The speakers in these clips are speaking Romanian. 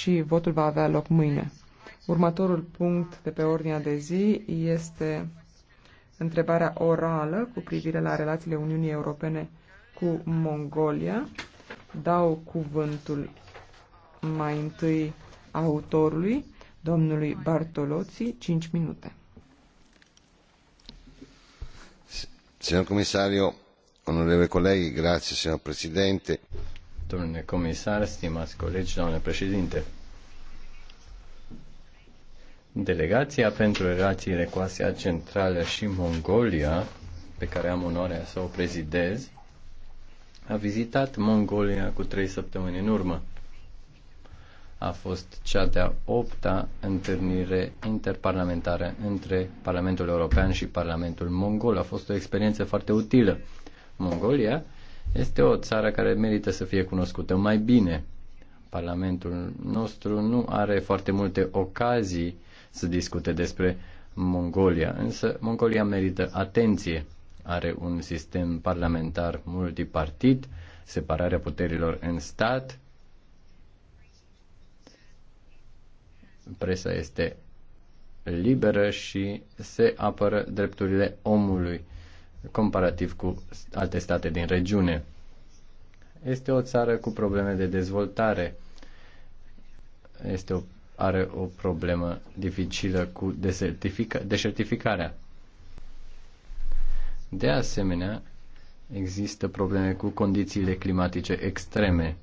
și votul va avea loc mâine. Următorul punct de pe ordinea de zi este întrebarea orală cu privire la relațiile Uniunii Europene cu Mongolia. Dau cuvântul mai întâi autorului, domnului Bartolozzi, 5 minute. Signor Commissario, onorevoli colleghi, grazie signor Presidente domnule comisar, stimați colegi, doamne președinte. Delegația pentru relațiile cu Asia Centrală și Mongolia, pe care am onoarea să o prezidez, a vizitat Mongolia cu trei săptămâni în urmă. A fost cea de-a opta întâlnire interparlamentară între Parlamentul European și Parlamentul Mongol. A fost o experiență foarte utilă. Mongolia este o țară care merită să fie cunoscută mai bine. Parlamentul nostru nu are foarte multe ocazii să discute despre Mongolia, însă Mongolia merită atenție. Are un sistem parlamentar multipartit, separarea puterilor în stat, presa este liberă și se apără drepturile omului comparativ cu alte state din regiune. Este o țară cu probleme de dezvoltare. Este o, are o problemă dificilă cu desertifica, desertificarea. De asemenea, există probleme cu condițiile climatice extreme.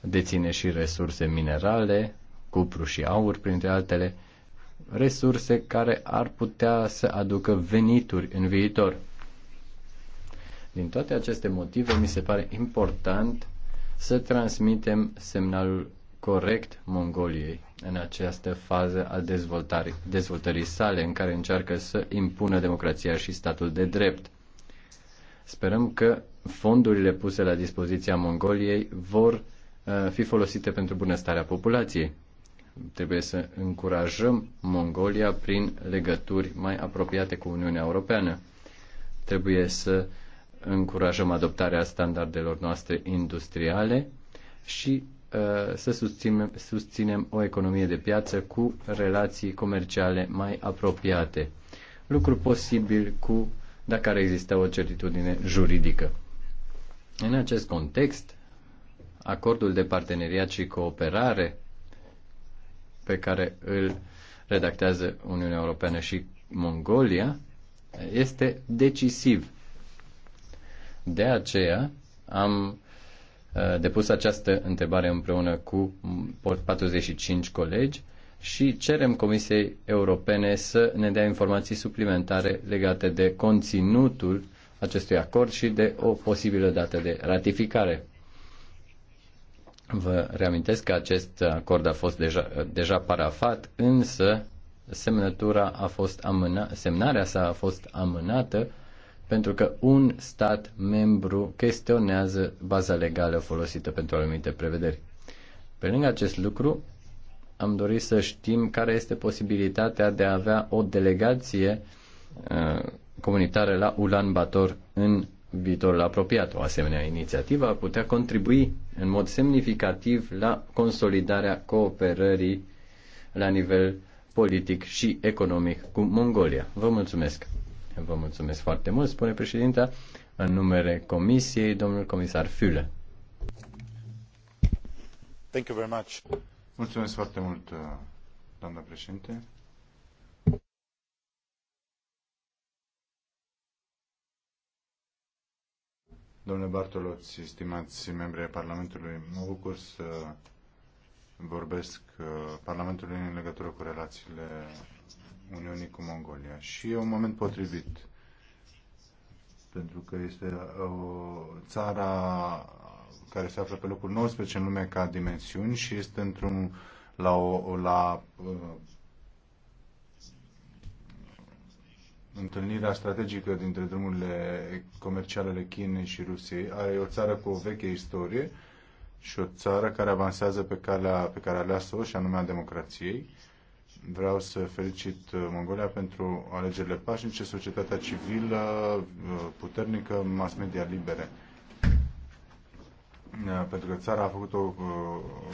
Deține și resurse minerale, cupru și aur, printre altele, resurse care ar putea să aducă venituri în viitor. Din toate aceste motive, mi se pare important să transmitem semnalul corect Mongoliei în această fază a dezvoltării, dezvoltării sale, în care încearcă să impună democrația și statul de drept. Sperăm că fondurile puse la dispoziția Mongoliei vor uh, fi folosite pentru bunăstarea populației. Trebuie să încurajăm Mongolia prin legături mai apropiate cu Uniunea Europeană. Trebuie să încurajăm adoptarea standardelor noastre industriale și uh, să susținem, susținem o economie de piață cu relații comerciale mai apropiate. Lucru posibil cu dacă ar exista o certitudine juridică. În acest context, acordul de parteneriat și cooperare pe care îl redactează Uniunea Europeană și Mongolia este decisiv. De aceea am uh, depus această întrebare împreună cu 45 colegi și cerem Comisiei Europene să ne dea informații suplimentare legate de conținutul acestui acord și de o posibilă dată de ratificare. Vă reamintesc că acest acord a fost deja, deja parafat, însă semnătura a fost amâna, semnarea sa a fost amânată pentru că un stat membru chestionează baza legală folosită pentru anumite prevederi. Pe lângă acest lucru, am dorit să știm care este posibilitatea de a avea o delegație uh, comunitară la Ulan Bator în viitorul apropiat. O asemenea inițiativă ar putea contribui în mod semnificativ la consolidarea cooperării la nivel politic și economic cu Mongolia. Vă mulțumesc! Vă mulțumesc foarte mult, spune președinta, în numele Comisiei, domnul comisar Füle. Thank you very much. Mulțumesc foarte mult, doamna președinte. Domnule Bartoloți, stimați membri ai Parlamentului, mă bucur să vorbesc uh, Parlamentului în legătură cu relațiile Uniunii cu Mongolia. Și e un moment potrivit, pentru că este uh, o țara care se află pe locul 19 în lume ca dimensiuni și este într-un la, o, la uh, întâlnirea strategică dintre drumurile comerciale ale Chinei și Rusiei. Are o țară cu o veche istorie și o țară care avansează pe calea pe care a ales-o și anume a democrației. Vreau să felicit uh, Mongolia pentru alegerile pașnice, societatea civilă uh, puternică, mass media libere. Uh, pentru că țara a făcut o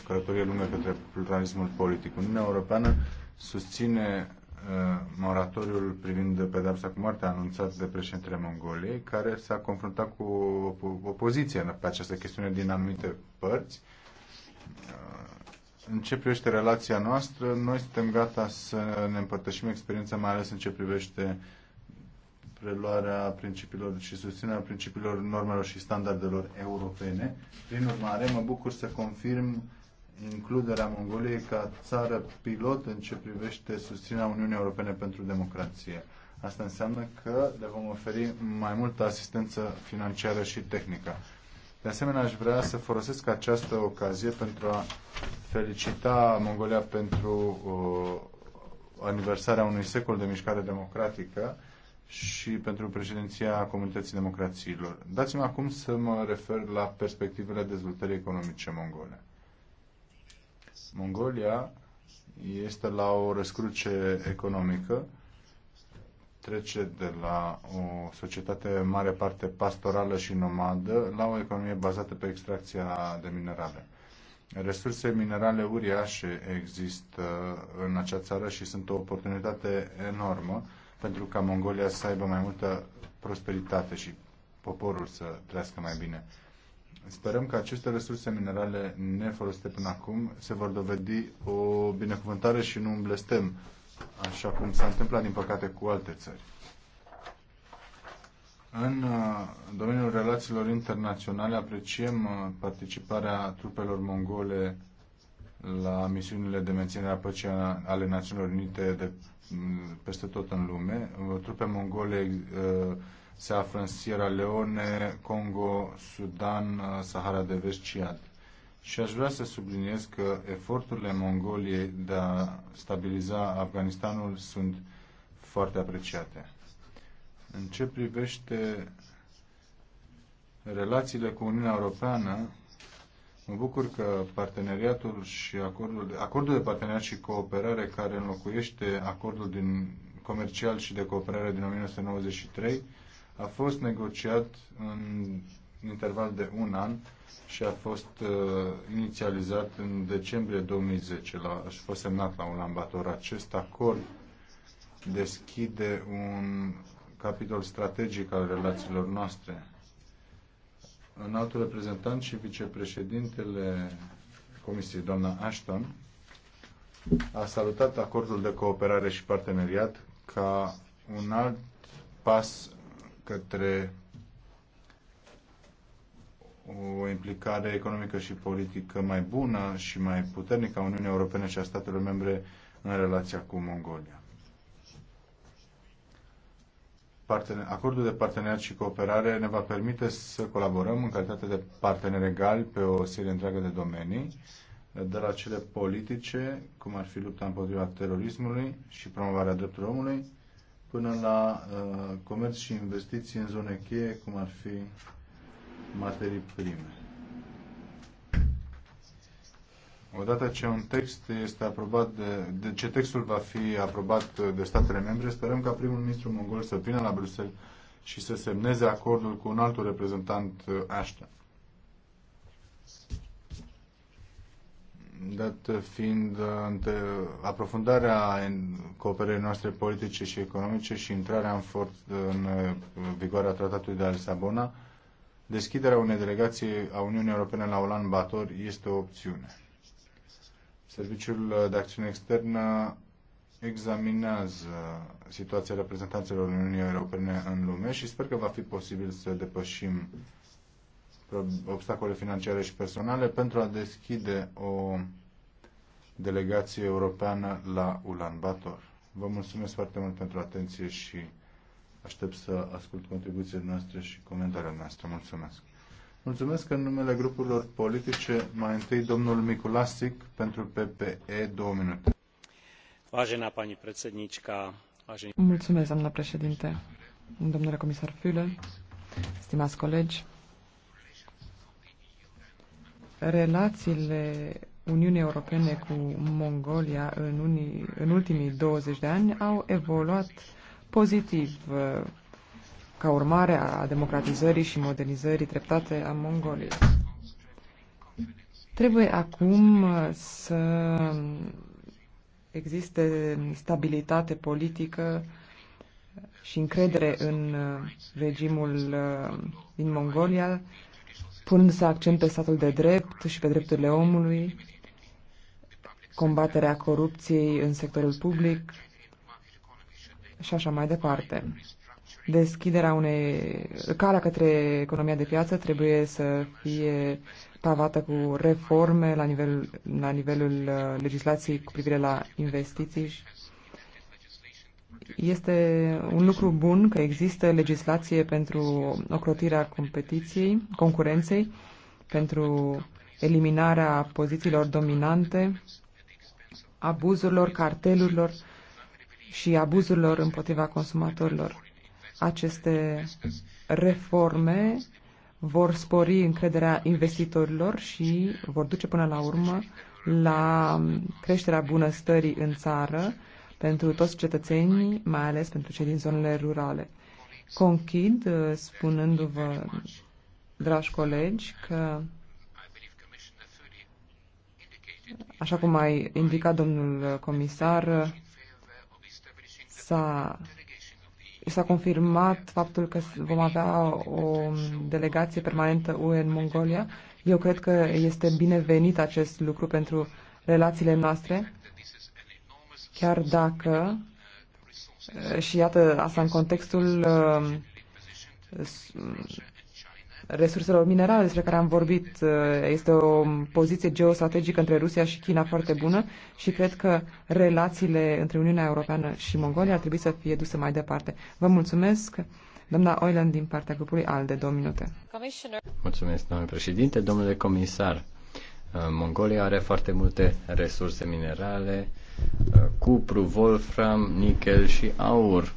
călătorie lungă către pluralismul politic. Uniunea Europeană susține Uh, moratoriul privind pedepsa cu moartea anunțat de președintele Mongoliei, care s-a confruntat cu opoziție pe această chestiune din anumite părți. Uh, în ce privește relația noastră, noi suntem gata să ne împărtășim experiența, mai ales în ce privește preluarea principiilor și susținerea principiilor normelor și standardelor europene. Prin urmare, mă bucur să confirm includerea Mongoliei ca țară pilot în ce privește susținerea Uniunii Europene pentru democrație. Asta înseamnă că le vom oferi mai multă asistență financiară și tehnică. De asemenea, aș vrea să folosesc această ocazie pentru a felicita Mongolia pentru uh, aniversarea unui secol de mișcare democratică și pentru președinția Comunității Democrațiilor. Dați-mi acum să mă refer la perspectivele dezvoltării economice mongole. Mongolia este la o răscruce economică, trece de la o societate în mare parte pastorală și nomadă la o economie bazată pe extracția de minerale. Resurse minerale uriașe există în acea țară și sunt o oportunitate enormă pentru ca Mongolia să aibă mai multă prosperitate și poporul să trăiască mai bine. Sperăm că aceste resurse minerale nefolosite până acum se vor dovedi o binecuvântare și nu un blestem, așa cum s-a întâmplat, din păcate, cu alte țări. În uh, domeniul relațiilor internaționale apreciem uh, participarea trupelor mongole la misiunile de menținere a păcii ale Națiunilor Unite de mm, peste tot în lume. Uh, trupe mongole se află în Sierra Leone, Congo, Sudan, uh, Sahara de Vest și Ad. Și aș vrea să subliniez că eforturile Mongoliei de a stabiliza Afganistanul sunt foarte apreciate. În ce privește relațiile cu Uniunea Europeană, mă bucur că parteneriatul și acordul, acordul de parteneriat și cooperare care înlocuiește acordul din comercial și de cooperare din 1993 a fost negociat în interval de un an și a fost uh, inițializat în decembrie 2010 la, și a fost semnat la un ambator. Acest acord deschide un capitol strategic al relațiilor noastre. În altul reprezentant și vicepreședintele Comisiei, doamna Ashton, a salutat acordul de cooperare și parteneriat ca un alt pas către o implicare economică și politică mai bună și mai puternică a Uniunii Europene și a statelor membre în relația cu Mongolia. Acordul de parteneriat și cooperare ne va permite să colaborăm în calitate de parteneri egali pe o serie întreagă de domenii, de la cele politice, cum ar fi lupta împotriva terorismului și promovarea drepturilor omului, până la uh, comerț și investiții în zone cheie, cum ar fi materii prime. Odată ce un text este aprobat de, de ce textul va fi aprobat de statele membre, sperăm ca primul ministru mongol să vină la Bruxelles și să semneze acordul cu un altul reprezentant uh, Ashton. dat fiind uh, aprofundarea în cooperării noastre politice și economice și intrarea în, fort, în uh, vigoarea tratatului de la Lisabona, deschiderea unei delegații a Uniunii Europene la Olan Bator este o opțiune. Serviciul de acțiune externă examinează situația reprezentanților Uniunii Europene în lume și sper că va fi posibil să depășim obstacole financiare și personale pentru a deschide o delegație europeană la Ulan Bator. Vă mulțumesc foarte mult pentru atenție și aștept să ascult contribuțiile noastre și comentariile noastre. Mulțumesc! Mulțumesc în numele grupurilor politice, mai întâi domnul Miculasic pentru PPE, două minute. Vajena, pani predsednička, vážený... Mulțumesc, doamna președinte, domnule comisar Füle, stimați colegi, Relațiile Uniunii Europene cu Mongolia în, unii, în ultimii 20 de ani au evoluat pozitiv uh, ca urmare a democratizării și modernizării treptate a Mongoliei. Trebuie acum uh, să existe stabilitate politică și încredere în uh, regimul din Mongolia, punând să accent pe statul de drept, drept și pe drepturile omului, combaterea corupției în sectorul public și așa mai departe. Deschiderea unei... Calea către economia de piață trebuie să fie pavată cu reforme la, nivel, la nivelul uh, legislației cu privire la investiții este un lucru bun că există legislație pentru ocrotirea competiției, concurenței, pentru eliminarea pozițiilor dominante, abuzurilor, cartelurilor și abuzurilor împotriva consumatorilor. Aceste reforme vor spori încrederea investitorilor și vor duce până la urmă la creșterea bunăstării în țară pentru toți cetățenii, mai ales pentru cei din zonele rurale. Conchid uh, spunându-vă, dragi colegi, că Așa cum a indicat domnul comisar, s-a s-a confirmat faptul că vom avea o delegație permanentă UE în Mongolia. Eu cred că este binevenit acest lucru pentru relațiile noastre, chiar dacă, și iată asta în contextul uh, resurselor minerale despre care am vorbit. Uh, este o poziție geostrategică între Rusia și China foarte bună și cred că relațiile între Uniunea Europeană și Mongolia ar trebui să fie duse mai departe. Vă mulțumesc! Doamna Oiland din partea grupului ALDE, două minute. Mulțumesc, domnule președinte, domnule comisar. Uh, Mongolia are foarte multe resurse minerale, uh, cupru, wolfram, nickel și aur,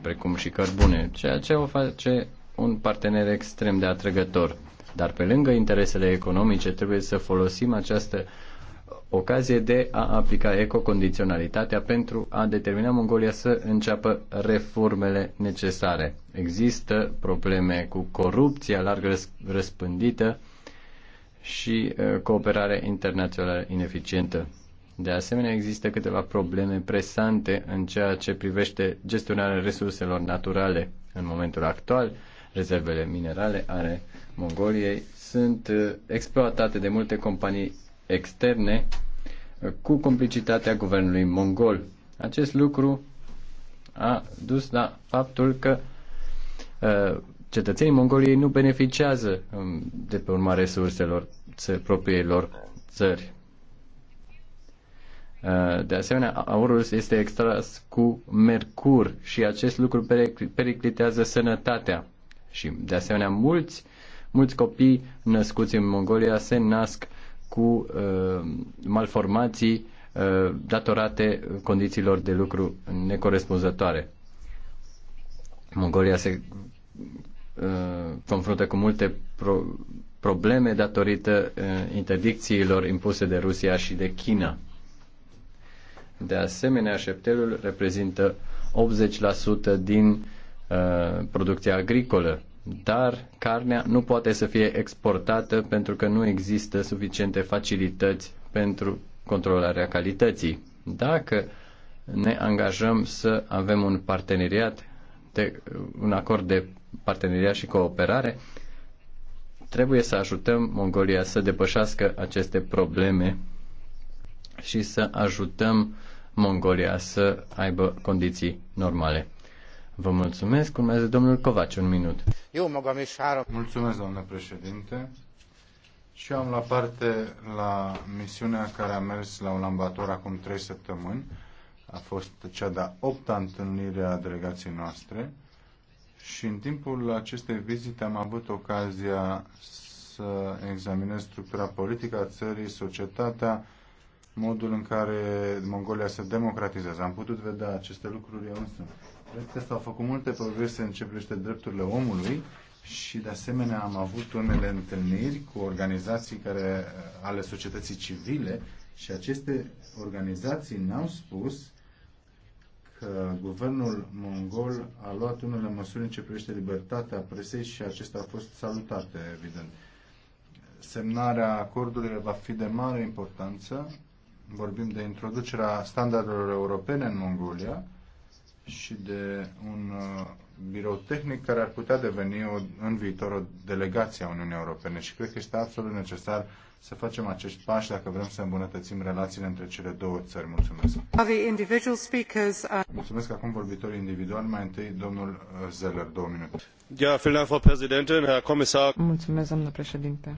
precum și cărbune, ceea ce o face un partener extrem de atrăgător. Dar pe lângă interesele economice trebuie să folosim această ocazie de a aplica ecocondiționalitatea pentru a determina Mongolia să înceapă reformele necesare. Există probleme cu corupția larg răspândită și uh, cooperare internațională ineficientă. De asemenea, există câteva probleme presante în ceea ce privește gestionarea resurselor naturale în momentul actual. Rezervele minerale ale Mongoliei sunt uh, exploatate de multe companii externe uh, cu complicitatea guvernului mongol. Acest lucru a dus la faptul că uh, cetățenii Mongoliei nu beneficiază um, de pe urma resurselor propriilor țări. De asemenea, aurul este extras cu mercur și acest lucru periclitează sănătatea. Și, de asemenea, mulți, mulți copii născuți în Mongolia se nasc cu uh, malformații uh, datorate condițiilor de lucru necorespunzătoare. Mongolia se uh, confruntă cu multe pro- probleme datorită uh, interdicțiilor impuse de Rusia și de China. De asemenea, șeptelul reprezintă 80% din uh, producția agricolă dar carnea nu poate să fie exportată pentru că nu există suficiente facilități pentru controlarea calității. Dacă ne angajăm să avem un parteneriat, de, un acord de parteneriat și cooperare, trebuie să ajutăm Mongolia să depășească aceste probleme și să ajutăm Mongolia să aibă condiții normale. Vă mulțumesc. Urmează domnul Covaci, un minut. Eu mă Mulțumesc, domnule președinte. Și eu am la parte la misiunea care a mers la ambator acum trei săptămâni. A fost cea de-a opta întâlnire a delegației noastre. Și în timpul acestei vizite am avut ocazia să examinez structura politică a țării, societatea, modul în care Mongolia se democratizează. Am putut vedea aceste lucruri eu însă. Cred că s-au făcut multe progrese în ce privește drepturile omului și de asemenea am avut unele întâlniri cu organizații care, uh, ale societății civile și aceste organizații ne-au spus că guvernul mongol a luat unele măsuri în ce privește libertatea presei și acestea au fost salutate, evident. Semnarea acordului va fi de mare importanță. Vorbim de introducerea standardelor europene în Mongolia și de un uh, birou tehnic care ar putea deveni o, în viitor o delegație a Uniunii Europene și cred că este absolut necesar să facem acești pași dacă vrem să îmbunătățim relațiile între cele două țări. Mulțumesc. Uh, Mulțumesc acum vorbitorii individuali. Mai întâi domnul uh, Zeller, două minute. Ja, vielen Dank, Frau Präsidentin, Herr Kommissar. Mulțumesc, domnule președinte.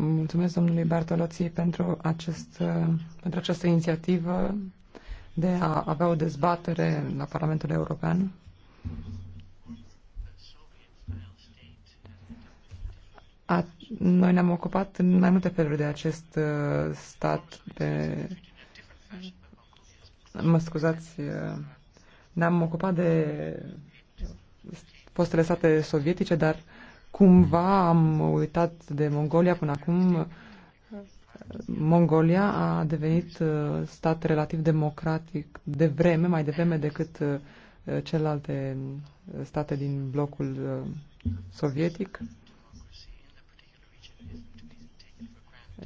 Mulțumesc domnului Bartolozzi pentru, acest, uh, pentru această inițiativă de a avea o dezbatere la Parlamentul European. A, noi ne-am ocupat în mai multe feluri de acest uh, stat de... Mă scuzați, uh, ne-am ocupat de fostele state sovietice, dar uh, cumva am uitat de Mongolia până acum. Mongolia a devenit uh, stat relativ democratic de vreme, mai devreme decât uh, celelalte uh, state din blocul sovietic.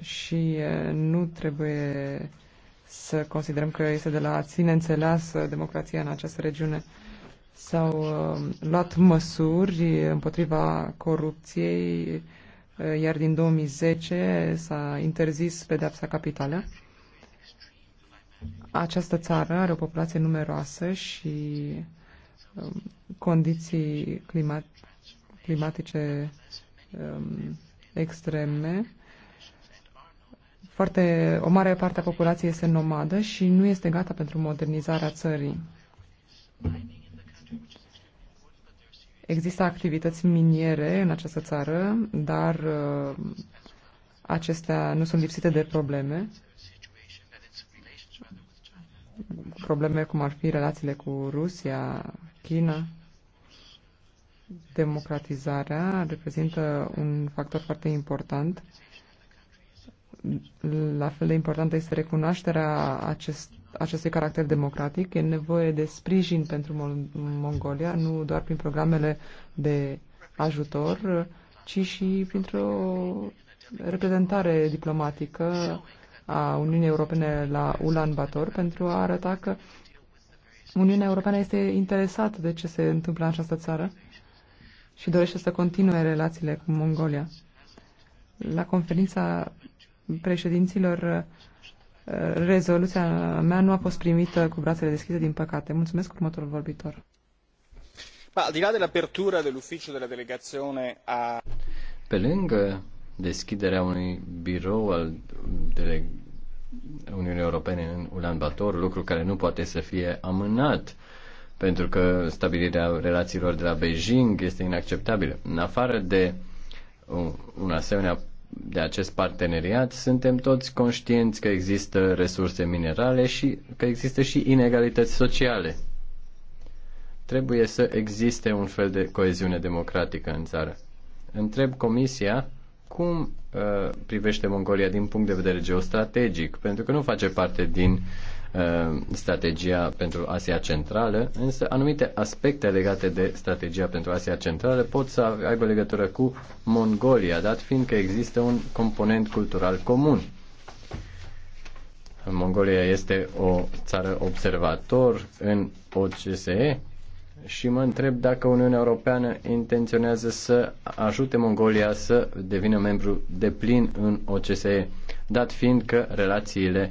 Și nu trebuie să considerăm că este de la ține înțeleasă democrația în această regiune s-au uh, luat măsuri împotriva corupției, uh, iar din 2010 s-a interzis pedepsa capitală. Această țară are o populație numeroasă și um, condiții climat climatice um, extreme. Foarte, o mare parte a populației este nomadă și nu este gata pentru modernizarea țării. Există activități miniere în această țară, dar uh, acestea nu sunt lipsite de probleme. Probleme cum ar fi relațiile cu Rusia, China. Democratizarea reprezintă un factor foarte important. La fel de importantă este recunoașterea acest, acestui caracter democratic. E nevoie de sprijin pentru Mongolia, nu doar prin programele de ajutor, ci și printr-o reprezentare diplomatică a Uniunii Europene la Ulan Bator pentru a arăta că Uniunea Europeană este interesată de ce se întâmplă în această țară și dorește să continue relațiile cu Mongolia. La conferința președinților Eh, rezoluția mea nu a fost primită cu brațele deschise, din păcate. Mulțumesc următorul vorbitor. Ma, di là dell'apertura dell'ufficio della delegazione a... Pe lângă deschiderea unui birou al dele... Uniunii Europene în Bator, lucru care nu poate să fie amânat pentru că stabilirea relațiilor de la Beijing este inacceptabilă. În afară de un asemenea de acest parteneriat, suntem toți conștienți că există resurse minerale și că există și inegalități sociale. Trebuie să existe un fel de coeziune democratică în țară. Întreb Comisia cum uh, privește Mongolia din punct de vedere geostrategic, pentru că nu face parte din Uh, strategia pentru Asia Centrală, însă anumite aspecte legate de strategia pentru Asia Centrală pot să aibă legătură cu Mongolia, dat fiindcă există un component cultural comun. Mongolia este o țară observator în OCSE și mă întreb dacă Uniunea Europeană intenționează să ajute Mongolia să devină membru de plin în OCSE, dat fiind că relațiile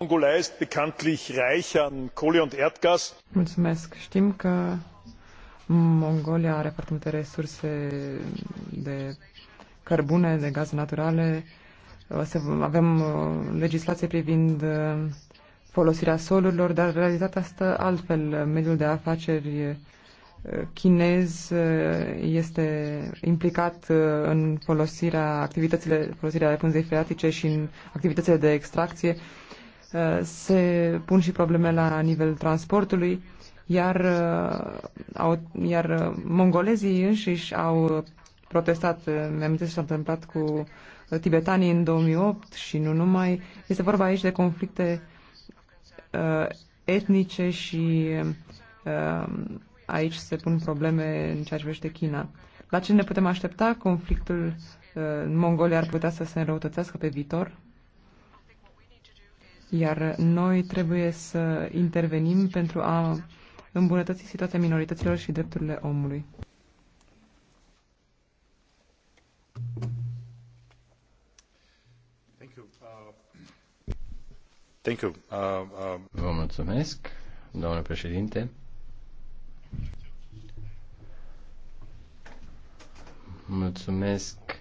Mongolei ist bekanntlich reich an Kohle und Erdgas. Mulțumesc. Știm că Mongolia are foarte multe resurse de cărbune, de gaze naturale. Avem uh, legislație privind uh, folosirea solurilor, dar realitatea stă altfel. Mediul de afaceri uh, chinez este implicat în folosirea activitățile, folosirea pânzei freatice și în activitățile de extracție se pun și probleme la nivel transportului, iar, uh, au, iar uh, mongolezii înșiși au protestat, mi-am ce s-a întâmplat cu tibetanii în 2008 și nu numai. Este vorba aici de conflicte uh, etnice și uh, aici se pun probleme în ceea ce privește China. La ce ne putem aștepta? Conflictul uh, în Mongolia ar putea să se înrăutățească pe viitor? iar noi trebuie să intervenim pentru a îmbunătăți situația minorităților și drepturile omului. Thank you. Uh, uh, uh, Vă mulțumesc, domnule președinte. Mulțumesc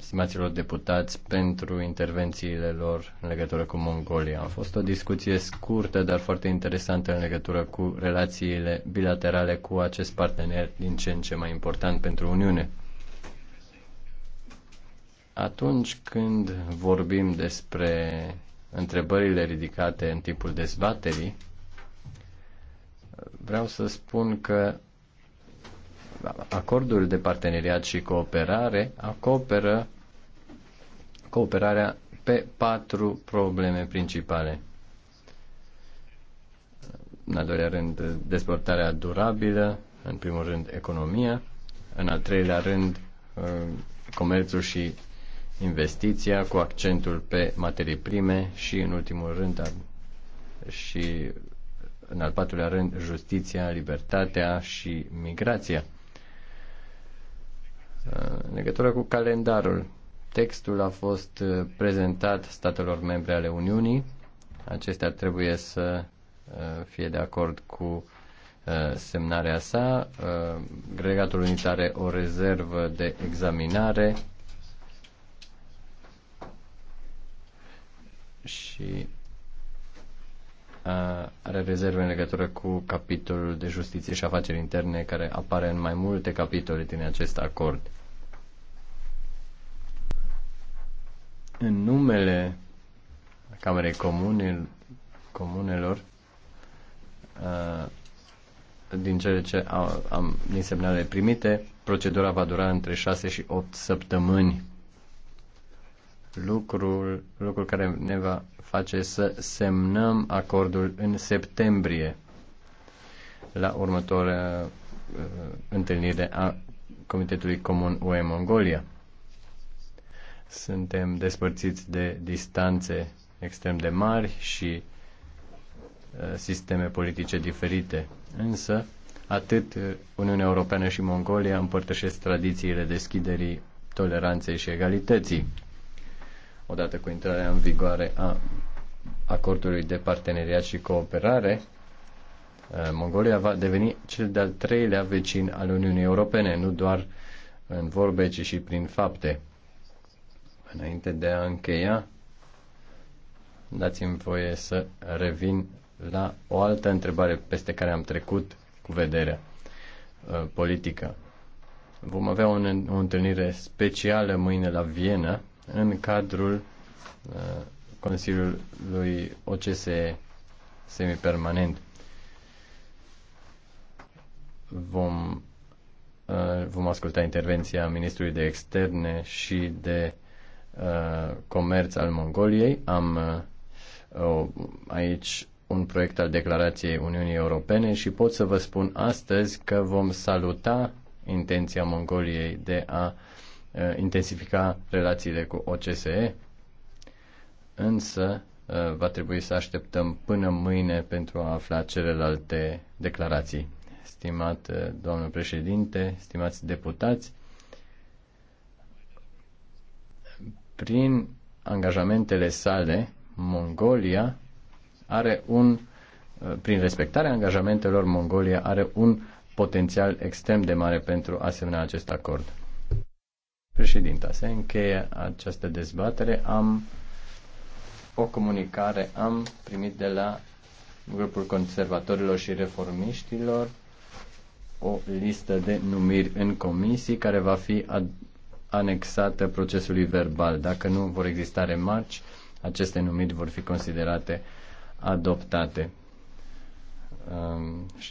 stimaților deputați pentru intervențiile lor în legătură cu Mongolia. A fost o discuție scurtă, dar foarte interesantă în legătură cu relațiile bilaterale cu acest partener din ce în ce mai important pentru Uniune. Atunci când vorbim despre întrebările ridicate în timpul dezbaterii, vreau să spun că acordul de parteneriat și cooperare acoperă cooperarea pe patru probleme principale. În al doilea rând, dezvoltarea durabilă, în primul rând, economia, în al treilea rând, uh, comerțul și investiția cu accentul pe materii prime și, în ultimul rând, și în al patrulea rând, justiția, libertatea și migrația. În legătură cu calendarul, textul a fost uh, prezentat statelor membre ale Uniunii. Acestea trebuie să uh, fie de acord cu uh, semnarea sa. Gregatul Unit are o rezervă de examinare și are rezerve în legătură cu capitolul de justiție și afaceri interne care apare în mai multe capitole din acest acord. În numele Camerei Comune, Comunelor, din cele ce am, am din semnale primite, procedura va dura între 6 și 8 săptămâni lucrul, lucrul care ne va face să semnăm acordul în septembrie la următoarea uh, întâlnire a Comitetului Comun UE Mongolia. Suntem despărțiți de distanțe extrem de mari și uh, sisteme politice diferite, însă atât Uniunea Europeană și Mongolia împărtășesc tradițiile deschiderii, toleranței și egalității odată cu intrarea în vigoare a acordului de parteneriat și cooperare, eh, Mongolia va deveni cel de-al treilea vecin al Uniunii Europene, nu doar în vorbe, ci și prin fapte. Înainte de a încheia, dați-mi voie să revin la o altă întrebare peste care am trecut cu vederea eh, politică. Vom avea o, o întâlnire specială mâine la Viena în cadrul uh, Consiliului OCS semipermanent. Vom, uh, vom asculta intervenția Ministrului de Externe și de uh, Comerț al Mongoliei. Am aici un proiect al declarației Uniunii Europene și pot să vă spun astăzi că vom saluta intenția Mongoliei de a uh, Uh, intensifica relațiile cu OCSE, însă uh, va trebui să așteptăm până mâine pentru a afla celelalte declarații. Stimat uh, domnul președinte, stimați deputați, prin angajamentele sale, Mongolia are un, prin respectarea angajamentelor, Mongolia are un potențial extrem de mare pentru a semna acest acord. Președinta, se încheie această dezbatere. Am o comunicare, am primit de la grupul conservatorilor și reformiștilor o listă de numiri în comisii care va fi anexată procesului verbal. Dacă nu vor exista remarci, aceste numiri vor fi considerate adoptate. Um,